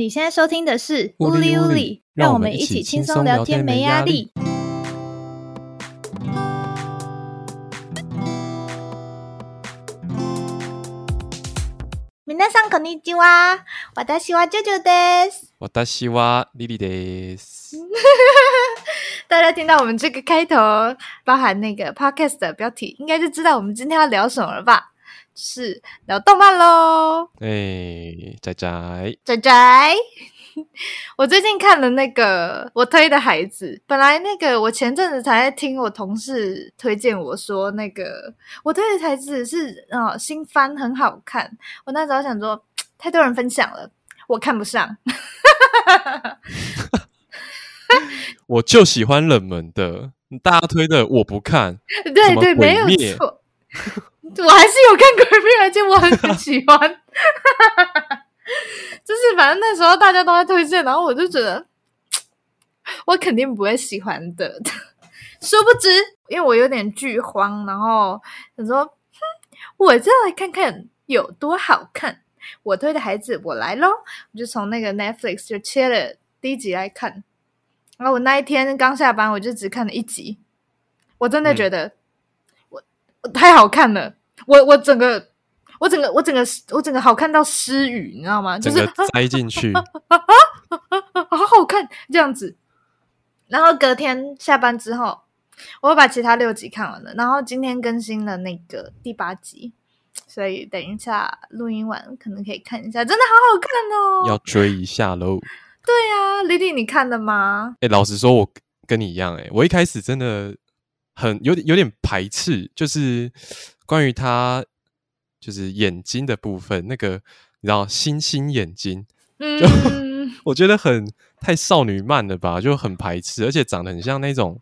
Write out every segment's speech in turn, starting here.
你現在收聽的是 WuLi WuLi 讓我們一起輕鬆聊天，沒壓力。皆さんこんにちは。私はジュジュです。私はリリです。大家聽到我們這個開頭，包含那個 Podcast 的標題，應該就知道我們今天要聊什麼了吧？是聊動漫嘍！哎、欸，仔仔仔仔，猜猜 我最近看了那個我推的孩子。本來那個我前陣子才聽我同事推薦我說，那個我推的孩子是啊，呃、新番很好看。我那時候想說太多人分享了，我看不上。 我就喜歡冷門的，大家推的我不看。 對對，對，沒有錯。 我還是有看鬼片，而且我很喜歡，哈哈哈，就是反正那時候大家都在推薦，然後我就覺得我肯定不會喜歡的。 殊不知，因為我有點劇荒，然後想說哼，我就要來看看有多好看。我推的孩子，我來嘍！我就從那個 Netflix 就切了第一集來看，然後我那一天剛下班，我就只看了一集。我真的覺得、嗯、我我太好看了。我我整個我整個我整個我整個好看到失語，你知道嗎？就是塞進去 好好看這樣子。然後隔天下班之後，我把其他六集看完了。然後今天更新了那個第八集，所以等一下錄音完可能可以看一下，真的好好看哦，要追一下嘍。對啊，李李，你看了嗎？哎、欸，老實說，我跟你一樣誒、欸，我一開始真的。很有點有點排斥，就是關於他就是眼睛的部分，那個你知道星星眼睛，就、嗯、 我覺得很太少女漫了吧，就很排斥，而且長得很像那種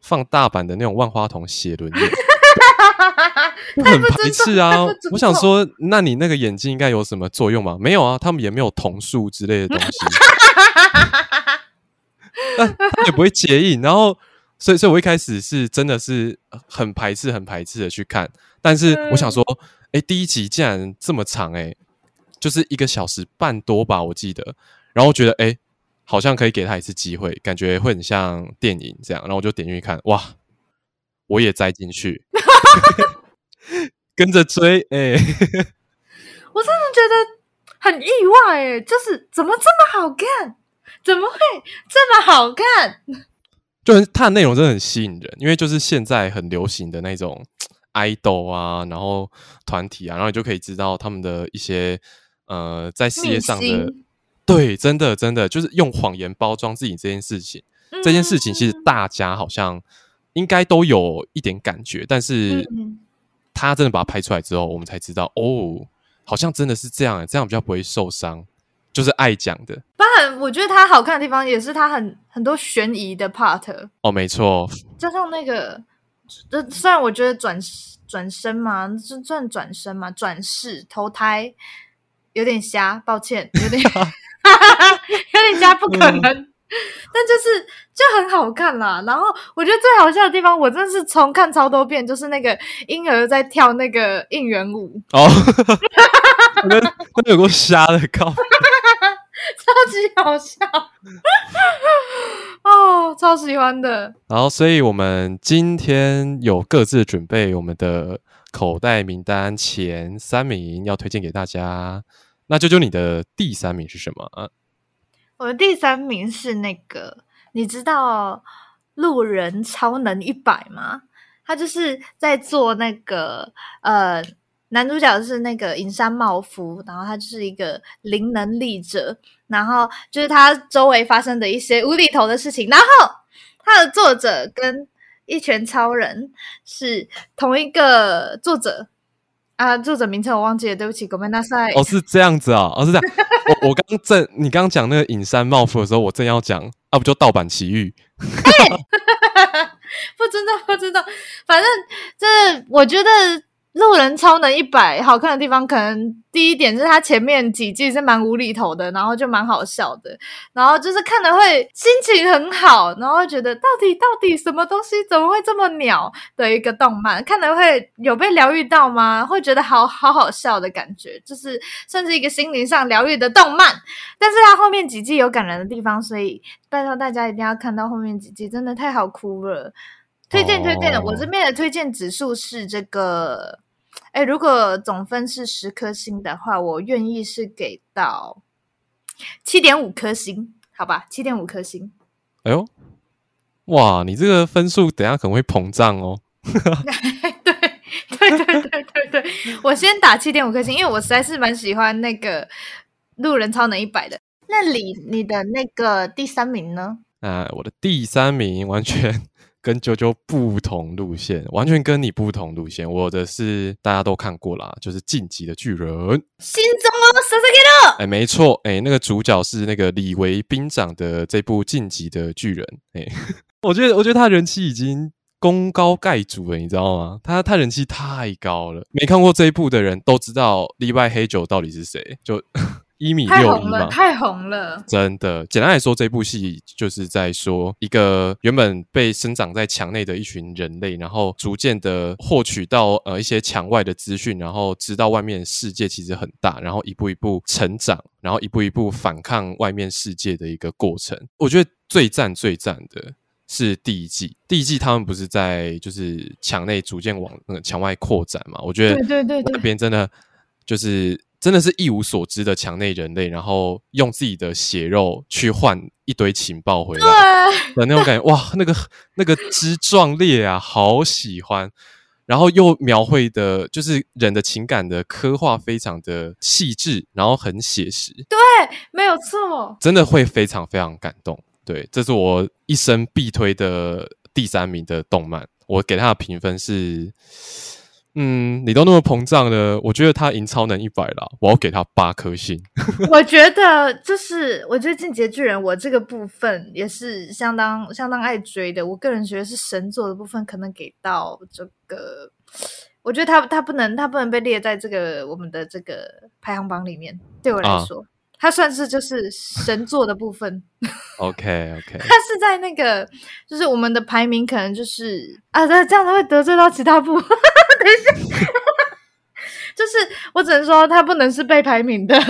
放大版的那種萬花筒寫輪眼， 很排斥啊！我想說，那你那個眼睛應該有什麼作用嗎？沒有啊，他們也沒有瞳術之類的東西， 但他也不會介意，然後。所以，所以我一開始是真的是很排斥、很排斥的去看，但是我想說，哎、嗯欸，第一集竟然這麼長、欸，哎，就是一個小時半多吧，我記得。然後我覺得，哎、欸，好像可以給他一次機會，感覺會很像電影這樣。然後我就點進去看，哇，我也栽進去， 跟着追，哎、欸， 我真的覺得很意外、欸，哎，就是怎麼這麼好看，怎麼會這麼好看？就是它的內容真的很吸引人，因為就是現在很流行的那種，idol 啊，然後團體啊，然後你就可以知道他們的一些，呃，在事業上的，秘辛。對，真的真的就是用謊言包裝自己這件事情，嗯、這件事情其實大家好像應該都有一點感覺，但是他真的把它拍出來之後，我們才知道哦，好像真的是這樣，這樣比較不會受傷。就是愛講的，當然我覺得它好看的地方也是它很很多懸疑的 part 哦，沒錯，加上那個呃，雖然我覺得轉轉身嘛，就算轉身嘛，轉世投胎有點瞎，抱歉，有點 有點瞎，不可能，嗯、但就是就很好看啦。然後我覺得最好笑的地方，我真的是從看超多遍，就是那個嬰兒在跳那個應援舞哦， 我覺得有過瞎的，靠。超級好笑，笑哦，超喜歡的。然後，所以我們今天有各自準備我們的口袋名單前三名，要推薦給大家。那啾啾，你的第三名是什麼？我的第三名是那個，你知道《路人超能一百》嗎？他就是在做那個，呃。男主角是那個影山茂夫，然後他就是一個靈能力者，然後就是他周圍發生的一些無厘頭的事情，然後他的作者跟一拳超人是同一個作者啊，作者名稱我忘記了，對不起，ごめんなさい。哦，是這樣子啊，哦是這樣，我我剛正你剛剛講那個影山茂夫的時候，我正要講，要、啊、不就盜版奇遇， 欸、 不知道不知道，反正這我覺得。路人超能一百好看的地方，可能第一點是它前面幾季是蠻無厘頭的，然後就蠻好笑的，然後就是看了會心情很好，然後覺得到底到底什麼東西怎麼會這麼鳥的一個動漫，看了會有被療癒到嗎？會覺得好好好笑的感覺，就是甚至一個心靈上療癒的動漫。但是它後面幾季有感人的地方，所以拜託大家一定要看到後面幾季，真的太好哭了。推薦推薦的，oh. 我這邊的推薦指數是這個。誒，如果總分是十顆星的話，我願意是給到七點五顆星，好吧，七點五顆星。哎喲，哇，你這個分數等下可能會膨脹哦。 對對對對對對，我先打七點五顆星，因為我實在是蠻喜歡那個路人超能一百的。那你你的那個第三名呢？呃，我的第三名完全。跟啾啾不同路線，完全跟你不同路線。我的是大家都看過啦，就是《進擊的巨人》新。新中歐，啥子給儂？哎，沒錯，誒、欸、那個主角是那個李維兵長的這部《進擊的巨人》欸。誒 我覺得，我覺得他人氣已經功高蓋主了，你知道嗎？他他人氣太高了，沒看過這一部的人都知道李維黑九到底是誰。就 一米六五嘛，太紅了！太紅了！真的，簡單來說，這部戲就是在說一個原本被生長在牆內的一群人類，然後逐漸的獲取到呃一些牆外的資訊，然後知道外面世界其實很大，然後一步一步成長，然後一步一步反抗外面世界的一個過程。我覺得最讚、最讚的是第一季，第一季他們不是在就是牆內逐漸往那個牆外擴展嘛？我覺得對對對，那邊真的就是。真的是一無所知的牆內人類，然後用自己的血肉去換一堆情報回來的那種感覺，對哇，那個那個之壯烈啊，好喜歡！然後又描繪的就是人的情感的刻畫，非常的細緻，然後很寫實。對，沒有錯，真的會非常非常感動。對，這是我一生必推的第三名的動漫，我給他的評分是。嗯，你都那麼膨脹了，我覺得他贏超能一百了，啊，我要給他八顆星。 我覺得就是，我覺得進擊巨人我這個部分也是相當相當愛追的。我個人覺得是神作的部分，可能給到這個，我覺得他他不能他不能被列在這個我們的這個排行榜裡面。對我來說，啊、他算是就是神作的部分。 OK OK，他是在那個就是我們的排名可能就是啊，對，這樣他會得罪到其他部分。 就是，就是，我只能說他不能是被排名的 。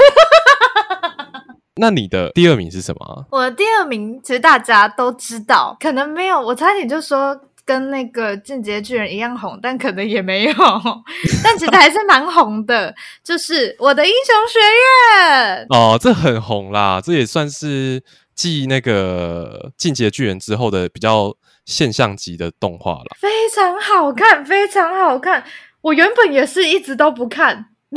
那你的第二名是什麼？我的第二名其實大家都知道，可能沒有。我差點就說跟那個《進擊的巨人》一樣紅，但可能也沒有。但其實還是蠻紅的， 就是《我的英雄學院》哦，這很紅啦，這也算是繼那個《進擊的巨人》之後的比較現象級的動畫了，非常好看，非常好看。我原本也是一直都不看，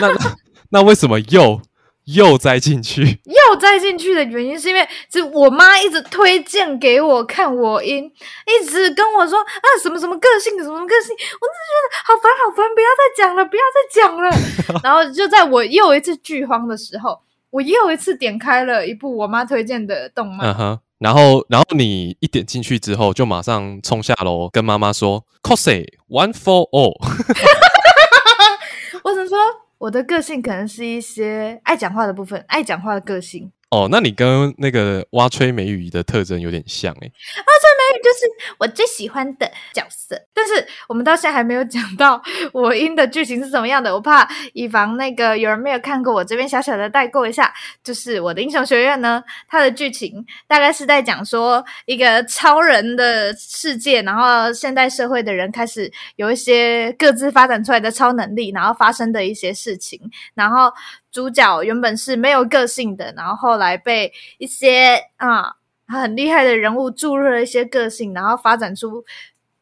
那那，那為什麼又又栽進去？又栽進去的原因是因為是我媽一直推薦給我看我英，我一一直跟我說啊什麼什麼個性，什麼什麼個性，我真的覺得好煩好煩，不要再講了，不要再講了。 然後就在我又一次劇荒的時候，我又一次點開了一部我媽推薦的動漫。Uh huh. 然後，然後你一點進去之後，就馬上衝下樓跟媽媽說：“cosy one for all。 ” 我只能說，我的個性可能是一些愛講話的部分，愛講話的個性。哦，那你跟那個蛙吹梅雨的特徵有點像誒、欸、蛙吹梅雨就是我最喜歡的角色，但是我們到現在還沒有講到我英的劇情是怎麼樣的。我怕以防那個有人沒有看過我，我這邊小小的帶過一下，就是我的英雄學院呢，它的劇情大概是在講說一個超人的世界，然後現代社會的人開始有一些各自發展出來的超能力，然後發生的一些事情，然後。主角原本是沒有個性的，然後後來被一些啊很厲害的人物注入了一些個性，然後發展出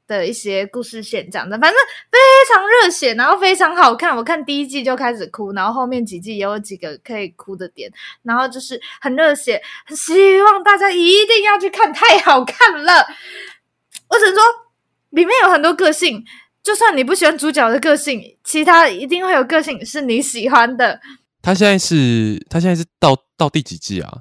的一些故事線這樣的，反正非常熱血，然後非常好看。我看第一季就開始哭，然後後面幾季也有幾個可以哭的點，然後就是很熱血，希望大家一定要去看，太好看了。我只能說裡面有很多個性，就算你不喜歡主角的個性，其他一定會有個性是你喜歡的。他現在是，他現在是到到第幾季啊？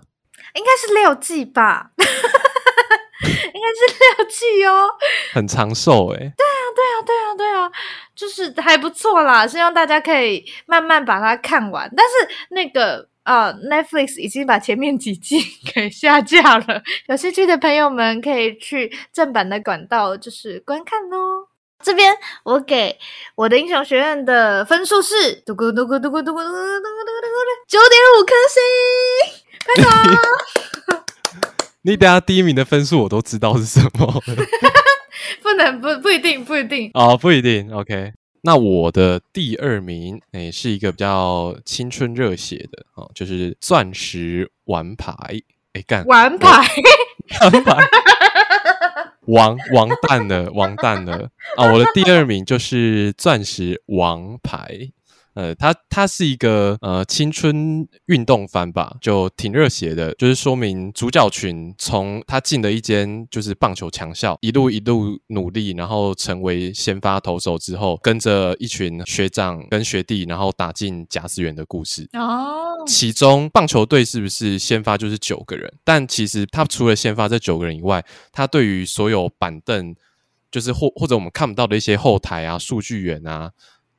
應該是六季吧， 應該是六季哦。 很長壽哎、欸。對啊，對啊，對啊，對啊，就是還不錯啦，希望大家可以慢慢把它看完。但是那個啊、呃、，Netflix 已經把前面幾季給 下架了，有興趣的朋友們可以去正版的管道就是觀看哦。這邊我給我的英雄學院的分數是嘟咕嘟嘟嘟嘟嘟嘟嘟九點五顆星，快走！ 你等下第一名的分數我都知道是什麼 不，不能不不一定，不一定啊、oh, 不一定。OK，那我的第二名哎、欸、是一個比較青春熱血的啊、哦，就是鑽石王牌哎、欸、幹王牌，我 王牌。完完蛋了，完蛋了啊！我的第二名就是鑽石王牌。呃，他他是一個呃青春運動番吧，就挺熱血的，就是說明主角群從他進了一間就是棒球強校，一路一路努力，然後成為先發投手之後，跟着一群學長跟學弟，然後打進甲子園的故事。Oh. 其中棒球隊是不是先發就是九個人？但其實他除了先發這九個人以外，他對於所有板凳，就是或或者我們看不到的一些後台啊、數據員啊。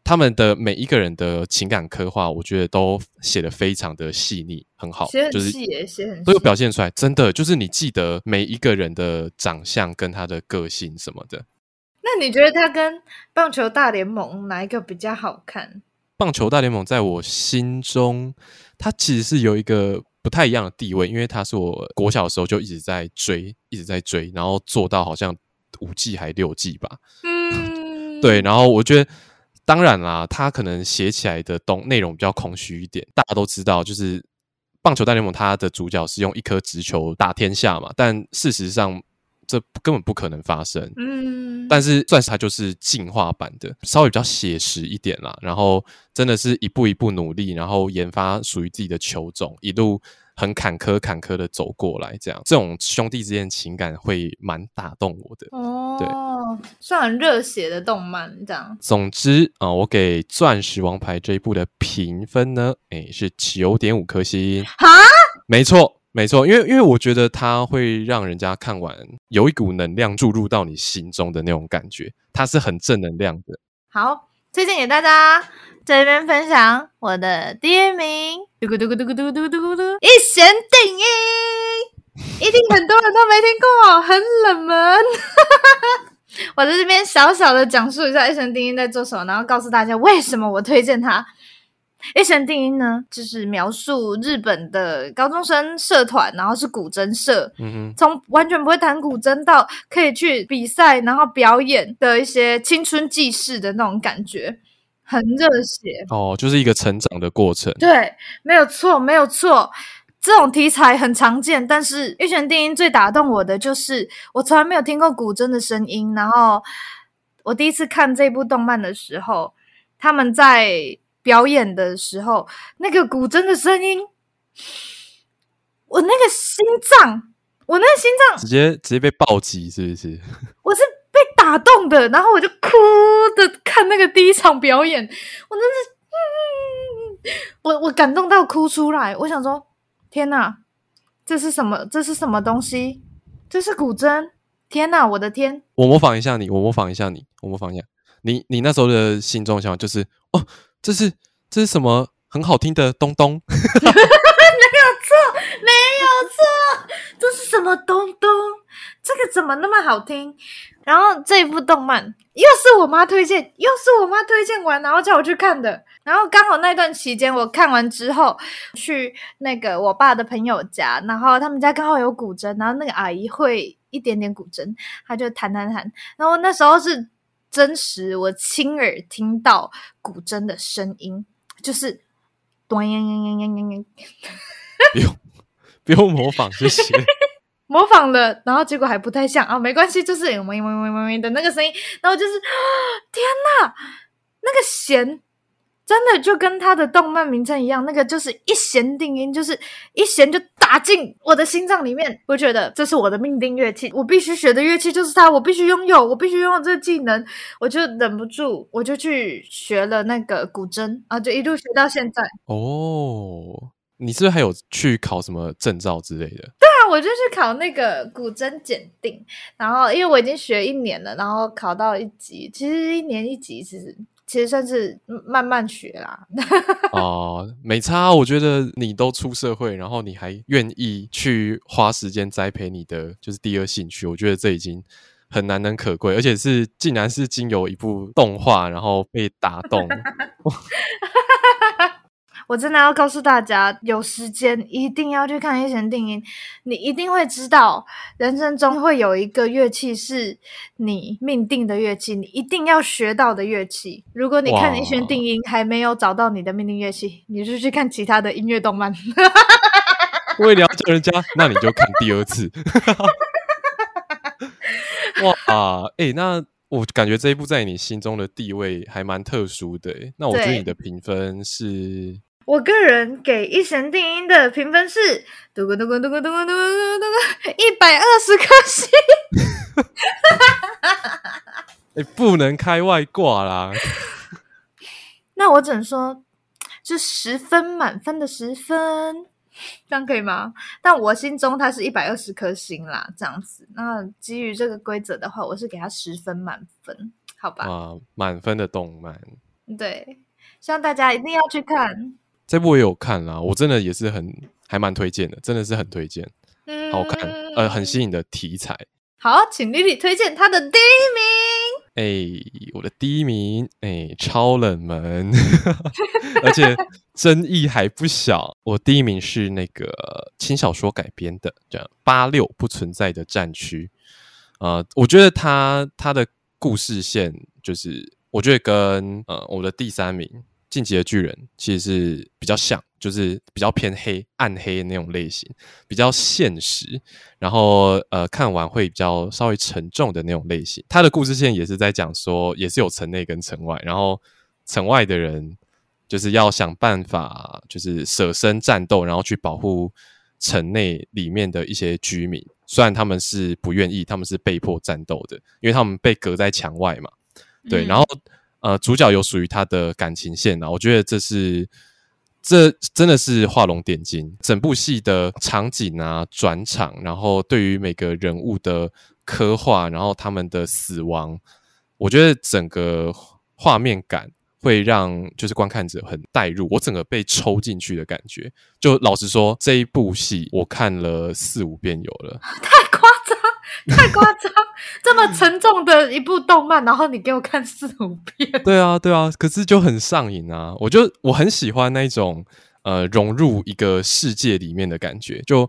他們的每一個人的情感刻畫，我覺得都寫得非常的細膩，很好，寫很，寫很細，寫很，都有表現出來。真的就是你記得每一個人的長相跟他的個性什麼的。那你覺得他跟棒球大聯盟哪一個比較好看？棒球大聯盟在我心中，它其實是有一個不太一樣的地位，因為它是我國小的時候就一直在追，一直在追，然後做到好像五季還六季吧。嗯， 對，然後我覺得。當然啦，他可能寫起來的東內容比較空虛一點。大家都知道，就是棒球大聯盟，它的主角是用一顆直球打天下嘛。但事實上，這根本不可能發生。嗯，但是鑽石它就是進化版的，稍微比較寫實一點啦。然後，真的是一步一步努力，然後研發屬於自己的球種，一路，很坎坷坎坷的走過來，這樣，這種兄弟之間情感會蠻打動我的。哦，對，算很熱血的動漫這樣。總之啊，我給《鑽石王牌》這一部的評分呢，誒、欸，是九點五顆星。哈？沒錯，沒錯，因為因為我覺得它會讓人家看完有一股能量注入到你心中的那種感覺，它是很正能量的。好，推薦給大家。這邊分享我的第一名，嘟嘟嘟嘟嘟嘟嘟嘟，一弦定音，一定很多人都沒聽過哦，很冷門。我在這邊小小的講述一下一弦定音在做什麼，然後告訴大家為什麼我推薦它。一弦定音呢，就是描述日本的高中生社團，然後是古箏社，從完全不會彈古箏到可以去比賽，然後表演的一些青春紀事的那種感覺。很熱血哦，就是一個成長的過程。對，沒有錯，沒有錯。這種題材很常見，但是《月弦電音》最打動我的就是，我從來沒有聽過古箏的聲音。然後我第一次看這部動漫的時候，他們在表演的時候，那個古箏的聲音，我那個心臟，我那個心臟直接直接被暴擊，是不是？我是。打動的，然後我就哭的看那個第一場表演，我真是，嗯、我我感動到哭出來。我想說，天哪，這是什麼？這是什麼東西？這是古箏！天哪，我的天！我模仿一下你，我模仿一下你，我模仿一下你。你那時候的心中想法就是，哦，這是這是什麼很好聽的東東？ 沒有。沒有錯，這是什麼東東？這個怎麼那麼好聽？然後這一部動漫又是我媽推薦，又是我媽推薦完，然後叫我去看的。然後剛好那段期間，我看完之後去那個我爸的朋友家，然後他們家剛好有古箏，然後那個阿姨會一點點古箏，她就彈彈彈。然後那時候是真實，我親耳聽到古箏的聲音，就是。咚咚咚咚咚咚咚 不用，不用模仿這些。 模仿了，然後結果還不太像啊，沒關係，就是咪咪咪咪咪咪的那個聲音。然後就是，啊，天哪，那個弦真的就跟他的動漫名稱一樣，那個就是一弦定音，就是一弦就打進我的心臟裡面。我覺得這是我的命定樂器，我必須學的樂器就是它，我必須擁有，我必須擁有這個技能。我就忍不住，我就去學了那個古箏啊，就一路學到現在。哦。你是不是還有去考什麼證照之類的？對啊，我就去考那個古箏檢定，然後因為我已經學一年了，然後考到一級。其實一年一級是，其實算是慢慢學啦。哦 ，uh, 沒差。我覺得你都出社會，然後你還願意去花時間栽培你的就是第二興趣，我覺得這已經很難能可貴，而且是竟然是經由一部動畫然後被打動。 我真的要告訴大家，有時間一定要去看《一弦定音》，你一定會知道，人生中會有一個樂器是你命定的樂器，你一定要學到的樂器。如果你看《一弦定音》哇還沒有找到你的命定樂器，你就去看其他的音樂動漫。為 了救人家，那你就看第二次。 哇啊！哎、呃欸，那我感覺這一部在你心中的地位還蠻特殊的、欸。那我覺得你的評分是。我個人給一弦定音的評分是，一百二十顆星。你不能開外掛啦！ 那我只能說，是十分滿分的十分，這樣可以嗎？但我心中它是一百二十顆星啦，這樣子。那基於這個規則的話，我是給他十分滿分，好吧？哇、啊、滿分的動漫，對，希望大家一定要去看。這部我也有看啦，我真的也是很還蠻推薦的，真的是很推薦，嗯、好看，呃，很吸引的題材。好，請麗麗推薦她的第一名。哎、欸，我的第一名，哎、欸，超冷門， 而且爭議還不小。我第一名是那個輕小說改編的，叫《八六不存在的戰區》。呃，我覺得他他的故事線，就是我覺得跟呃我的第三名。進擊的巨人其實是比較像，就是比較偏黑暗黑的那種類型，比較現實，然後呃看完會比較稍微沉重的那種類型。他的故事線也是在講說，也是有城內跟城外，然後城外的人就是要想辦法，就是舍身戰鬥，然後去保護城內裡面的一些居民。雖然他們是不願意，他們是被迫戰鬥的，因為他們被隔在牆外嘛。對，嗯、然後。呃，主角有屬於他的感情線啊，我覺得這是這真的是畫龍點睛。整部戲的場景啊、轉場，然後對於每個人物的刻畫，然後他們的死亡，我覺得整個畫面感會讓就是觀看者很帶入，我整個被抽進去的感覺。就老實說，這一部戲我看了四五遍有了，太誇張了。太誇張！ 這麼沉重的一部動漫，然後你給我看四五遍。對啊，對啊，可是就很上癮啊！我就我很喜歡那一種，呃，融入一個世界裡面的感覺。就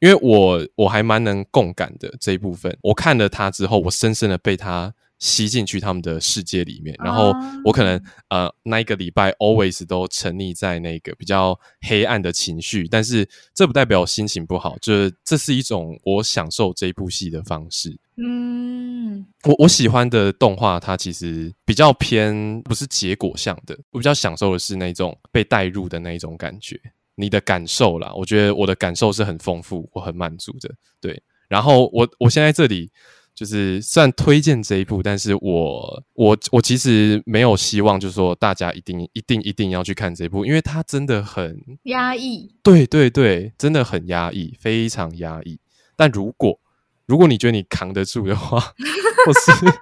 因為我我還蠻能共感的這一部分，我看了它之後，我深深的被它，吸進去他們的世界裡面，然後我可能、uh、呃那一個禮拜 always 都沉溺在那個比較黑暗的情緒，但是這不代表我心情不好，就是這是一種我享受這一部戲的方式。嗯、mm，我我喜歡的動畫，它其實比較偏不是結果向的，我比較享受的是那種被帶入的那種感覺，你的感受啦，我覺得我的感受是很豐富，我很滿足的。對，然後我我現在在這裡。就是算推薦這一部，但是我我我其實沒有希望，就是說大家一定一定一定要去看這一部，因為它真的很壓抑。對對對，真的很壓抑，非常壓抑。但如果如果你覺得你扛得住的話， 或是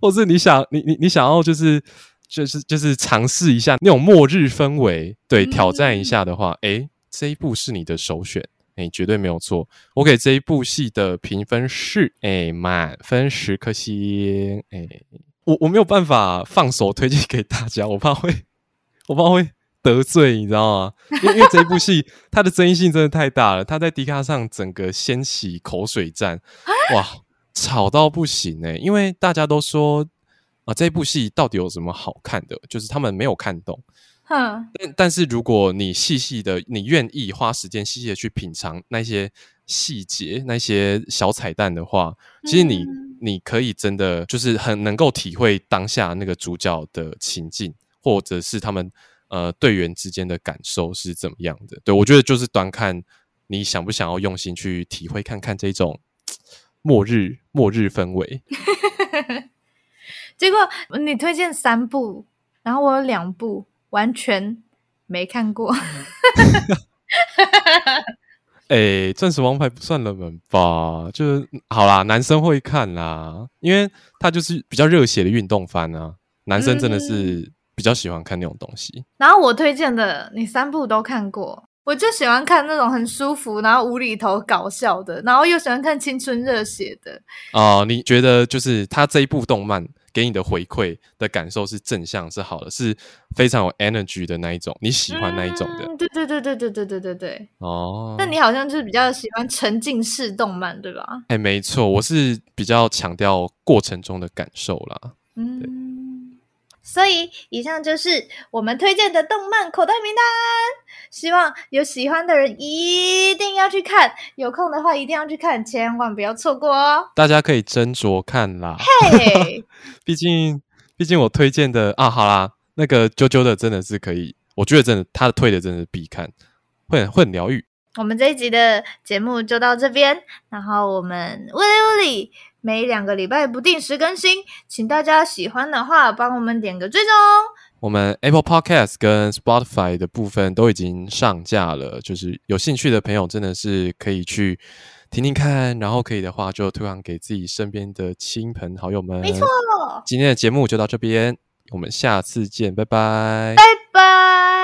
或是你想你你你想要就是就是就是嘗試一下那種末日氛圍，對，嗯、挑戰一下的話，誒、欸，這一部是你的首選。你、欸、絕對沒有錯，我給這一部戲的評分是哎滿、欸、分十顆星、欸、我我沒有辦法放手推薦給大家，我怕會我怕會得罪你知道嗎？因為，因為這一部戲它的爭議性真的太大了，它在迪卡上整個掀起口水戰，哇吵到不行哎、欸！因為大家都說啊、呃、這一部戲到底有什麼好看的？就是他們沒有看懂。嗯，但但是如果你細細的，你願意花時間細細的去品嘗那些細節、那些小彩蛋的話，其實你、嗯、你可以真的就是很能夠體會當下那個主角的情境，或者是他們呃隊員之間的感受是怎麼樣的。對，我覺得就是端看你想不想要用心去體會看看這種末日末日氛圍。 結果你推薦三部，然後我有兩部。完全沒看過 、欸，哎，鑽石王牌不算熱門吧？就是好啦，男生會看啦，因為他就是比較熱血的運動番啊，男生真的是比較喜歡看那種東西。嗯、然後我推薦的你三部都看過，我就喜歡看那種很舒服，然後無厘頭搞笑的，然後又喜歡看青春熱血的。哦、呃，你覺得就是他這一部動漫？給你的回饋的感受是正向，是好的，是非常有 energy 的那一種，你喜歡那一種的，對對、嗯、對對對對對對對，哦，那你好像就是比較喜歡沉浸式動漫，對吧？哎，沒錯，我是比較強調過程中的感受啦。嗯。對所以，以上就是我們推薦的動漫口袋名單。希望有喜歡的人一定要去看，有空的話一定要去看，千萬不要錯過哦。大家可以斟酌看啦，嘿 Hey，畢 竟，畢竟我推薦的啊，好啦，那個啾啾的真的是可以，我覺得真的，他的推的真的是必看，會很會很療癒。我們這一集的節目就到這邊，然後我們嗚哩嗚哩。每兩個禮拜不定時更新，請大家喜歡的話幫我們點個追蹤。我們 Apple Podcast 跟 Spotify 的部分都已經上架了，就是有興趣的朋友真的是可以去聽聽看，然後可以的話就推廣給自己身邊的親朋好友們。沒錯，今天的節目就到這邊，我們下次見，拜拜，拜拜。